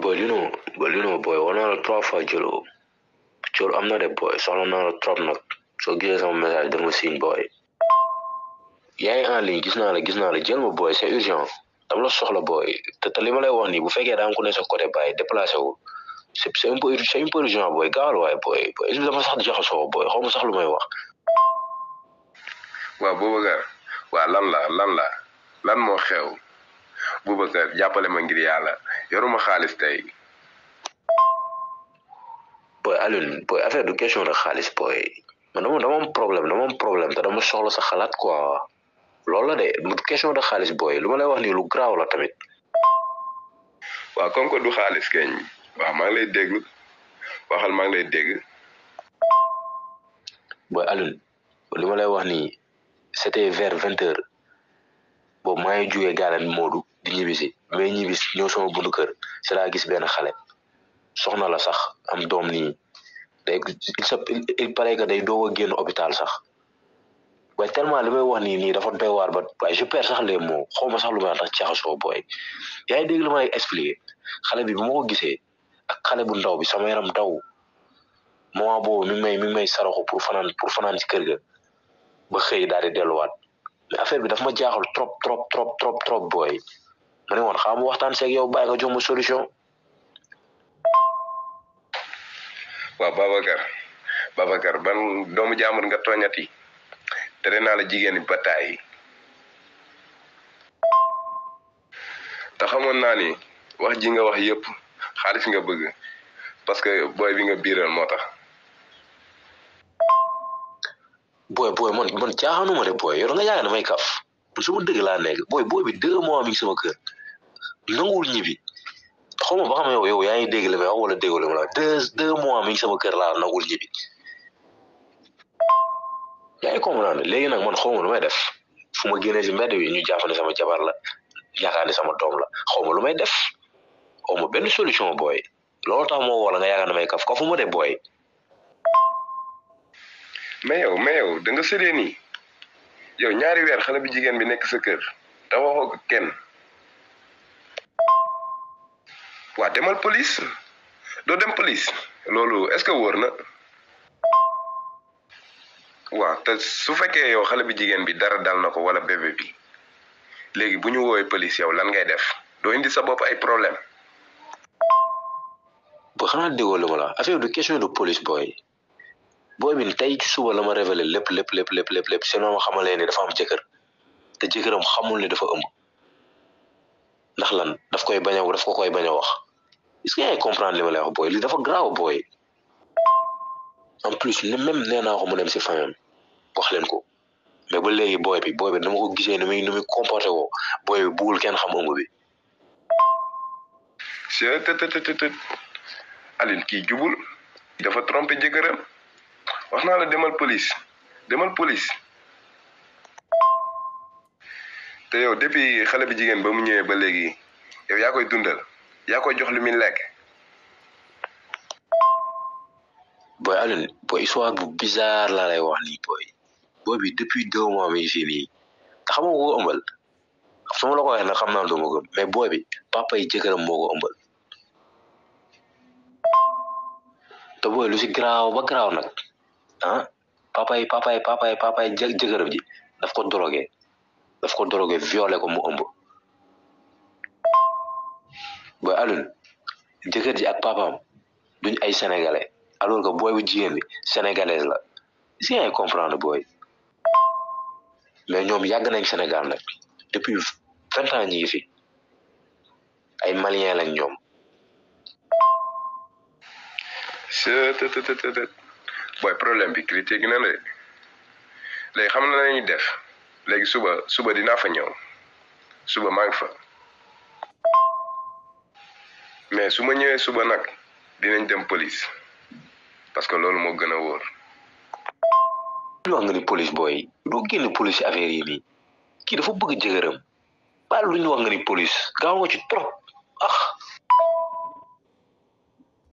boy li no boy li no boy war jolo jolo am na de boy soxla naa la trop nag so gisee sama message dama siin boy yaa ngi en ligne gis naa la gis naa la jël ma boy se urgent dama la soxla boy te te li ma lay wax nii bu fekkee daa am ku ne sa côté bàyyi déplacé wu c'est c'est un peu c'est un peu urgent boy gaawal waay boy boy est-ce que dama sax jaxasoo boy xaw ma sax lu may wax waaw booba gar lan la lan la lan mo xew Boubacar jàppale ma ngir yàlla yoruma xaalis tey. booy Alioune booy affaire du question de xaalis booy man dama dama problème dama am problème te dama soxla sa xalaat quoi loolu la de du question de xaalis booy lu ma lay wax nii lu garaaw la tamit. waaw comme que du xaalis keñ waaw maa ngi lay dégg waxal maa ngi lay dégg. booy Alioune li ma lay wax nii c'était vers vingt heures. boobu maa ngi jugee gaaraan Moodu di ñibbisi mais ñibbis ñëw sama buntu kër si laa gis benn xale soxna la sax am doom nii day il paraît que day doog a génn hôpital sax waaye tellement li may wax nii nii dafa doy waar ba waaye je perds sax moo mots xaw ma sax lu ma tax caaxasoo booy yaa ngi dégg li ma lay xale bi bu ma gisee ak xale bu ndaw bi sama yaram daw moment boobu mi may mi may saraxu pour fanaan pour fanaan ci kër ga ba xëy daal di delluwaat. affaire bi daf ma jaaxul trop trop trop trop trop boy ma ne woon xaamu waxtaan seeg yow bàyyi nga jox solution. waaw Babacar Babacar ban doomu jaamur nga toñati tere naa la jigéen ñi ba taay te xamoon naa ni wax ji nga wax yépp xaalis nga bëgg parce que booy bi nga biiral moo tax. booy booy man man ma de booy yow da nga yaakaar may kaf man sama dëgg laa nekk booy booy bi deux mois mi ngi sama kër nanguwul ñibbi xaw ma ba xam yow yow yaa ngi dégg la may wax wala déggul ma la deux deux mois mi ngi sama kër laa nanguwul ñibbi yaa léegi nag man xaw ma lu may def fu ma génnee si mbedd bi ñu jàpp sama jabar la yaakaar sama doom la xaw ma lu may def xaw ma benn solution booy loolu tax moo wala nga yaakaar ne may kaf kafuma de booy. mais yow mais yow da nga nyari nii yow ñaari weer xale bu jigéen bi nekk sa kër te waxoo ko kenn waa demal police doo dem police loolu est ce que wóor na waa te su fekkee yow xale jigéen bi dara dal na ko wala bébé bi léegi bu ñu woowee police yow lan ngay def doo indi sa bopp ay problème bu xanaa déggoo la affaire du question boy boy bi tay ci suba la ma révélé lépp lépp lépp lépp lépp lépp sinon ma leen ni dafa am jëkkër te jëkkëram xamul ni dafa ëmb ndax lan daf koy bañ a daf ko koy bañ a wax est-ce que yaa comprendre li ma lay wax boy li dafa graw boy en plus ne même nee naa ko mu dem si fanam wax leen ko mais ba léegi boy bi boy bi dama ko gisee ni muy ni muy comporté woo boy bi bugul kenn xam ëmb bi. c'est tout tout tout Aline kii jubul dafa trompé jëkkëram. wax naa la demal police demal police te yow depuis xale bi jigéen ba mu ñëwee ba léegi yow yaa koy dundal yaa koy jox lu muy lekk. booy Alioune booy histoire bu bizarre laa lay wax nii booy booy bi depuis deux mois mi fii nii te ëmbal su ma la ko waxee xam naa duma ko mais booy bi papa yi jëkkëram moo ko ëmbal te booy lu si garaaw ba garaaw nag. ah papay papay papay papay jë jëkkëram ji daf ko drogué daf ko drogué violé ko mu ëmb booy Alioune ji ak papaam duñ ay sénégalais alors que booy bu jigéen bi sénégalaise la si ay comprendre booy mais ñoom yàgg nañ Sénégal nag depuis vingt ans ñi ngi fi ay malien lañ ñoom. booy problème bi critique na de léegi xam na nañu def léegi suba suba dinaa fa ñëw suba maa ngi fa mais su ma ñëwee suba nag dinañ dem police parce que loolu moo gën a wóor. lu wax nga ni police booy doo génn police affaire yi nii kii dafa bëgg jëgëram ba lu ñu wax ni police gaaw nga ci trop ah.